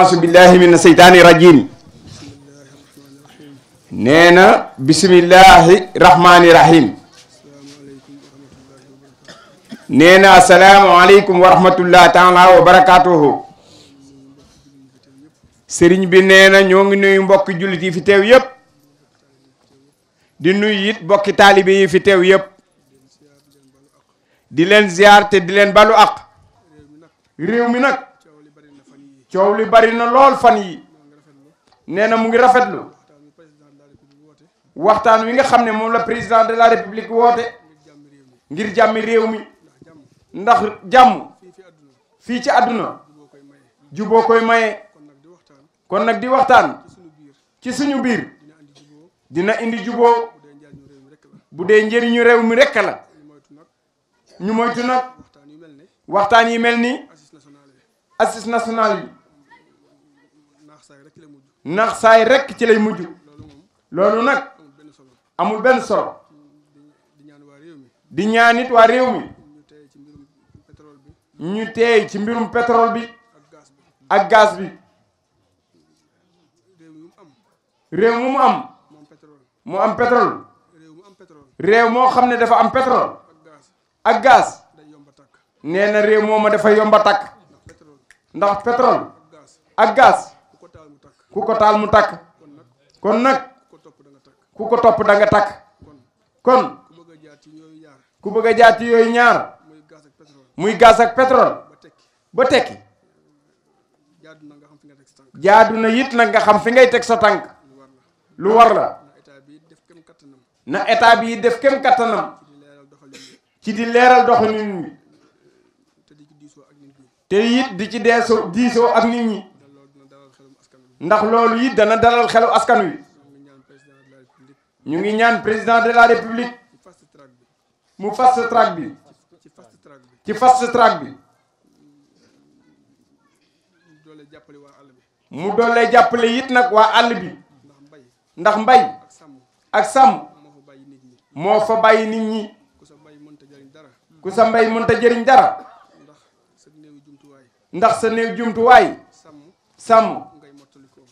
asu billahi min seytaani rajim nee bismillahi rahmaani rahim nee na asalaamualeykum wa rahmatullah taala wa barakatuhu sëriñ bi nee na ñoo ngi nuyu mbokki jullit yi fi di nuyu it mbokki taalibe yi fi teew yépp di leen ziar te di leen balu ak réew mi coow li bari na lool fan yi nee na mu ngi rafet rafetlu waxtaan wi nga xam ne moom la président de la république woote ngir jàmmi réew mi ndax jàmm fii ci àdduna juboo koy maye kon nag di waxtaan ci suñu biir dina indi juboo bu dee njëriñu réew mi rekk la ñu moytu nag waxtaan yi mel ni assise nationale yi ndax saay rekk ci lay mujj loolu nag amul benn solo di ñaanit waa réew mi ñu teey ci mbirum pétrole bi ak gaz bi réew mu mu am mu am pétrole réew moo xam ne dafa am pétrole ak gaz nee na réew moo ma dafa yomba takk ndax pétrole ak gaz ku ko mu tak kon nak ku ko da nga tak kon ku bëgg a jaar ci yooyu ñaar muy gaz ak pétrole ba tekki jaadu na yit nag nga xam fi ngay teg sa tank lu war la na bi def kem ci di leeral nit ñi te yit di ci deesoo diisoo ak nit ñi ndax loolu yi dana dalal xelu askan wi ñu ngi ñaan président de la république mu fast track bi ci fast track bi mu doole jàppale it nag waa àll bi ndax mbay ak sàmm moo fa bàyyi nit ñi ku sa mbay mënta jëriñ dara ndax sa néew jumtuwaay sàmm sàmm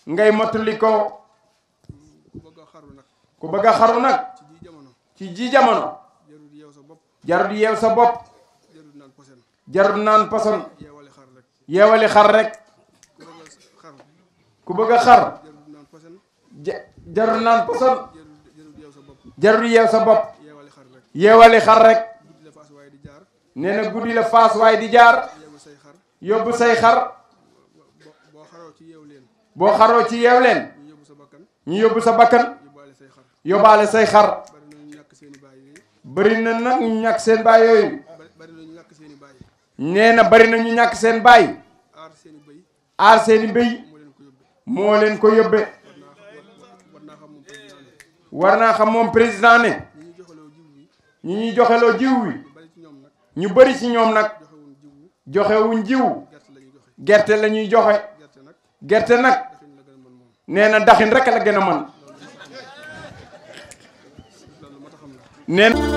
ngay mottali ko ku bëgg a xaru nag ci ji jamono jarul yeew sa bopp jarul yeew sa bopp jarul naan poson yeewali xar rek ku bëgg a xar jarul naan poson jarul yeew sa bopp yeewali xar rek nee na guddi la fas waay di jaar yóbbu say xar boo xaroo ci yeew leen boo xaroo ci yeew leen ñu yóbbu sa bakkan yóbbaale say xar bëri na nag ñu ñàkk seen baay yooyu nee na bëri na ñu ñàkk seen baay aar seeni béy moo leen ko yóbbe war naa xam moom président ne ñu ñuy joxeloo jiw wi ñu bëri ci ñoom nag joxewuñ jiw gerte la ñuy joxe gerte nag nee na daxin rek la gën a man nee na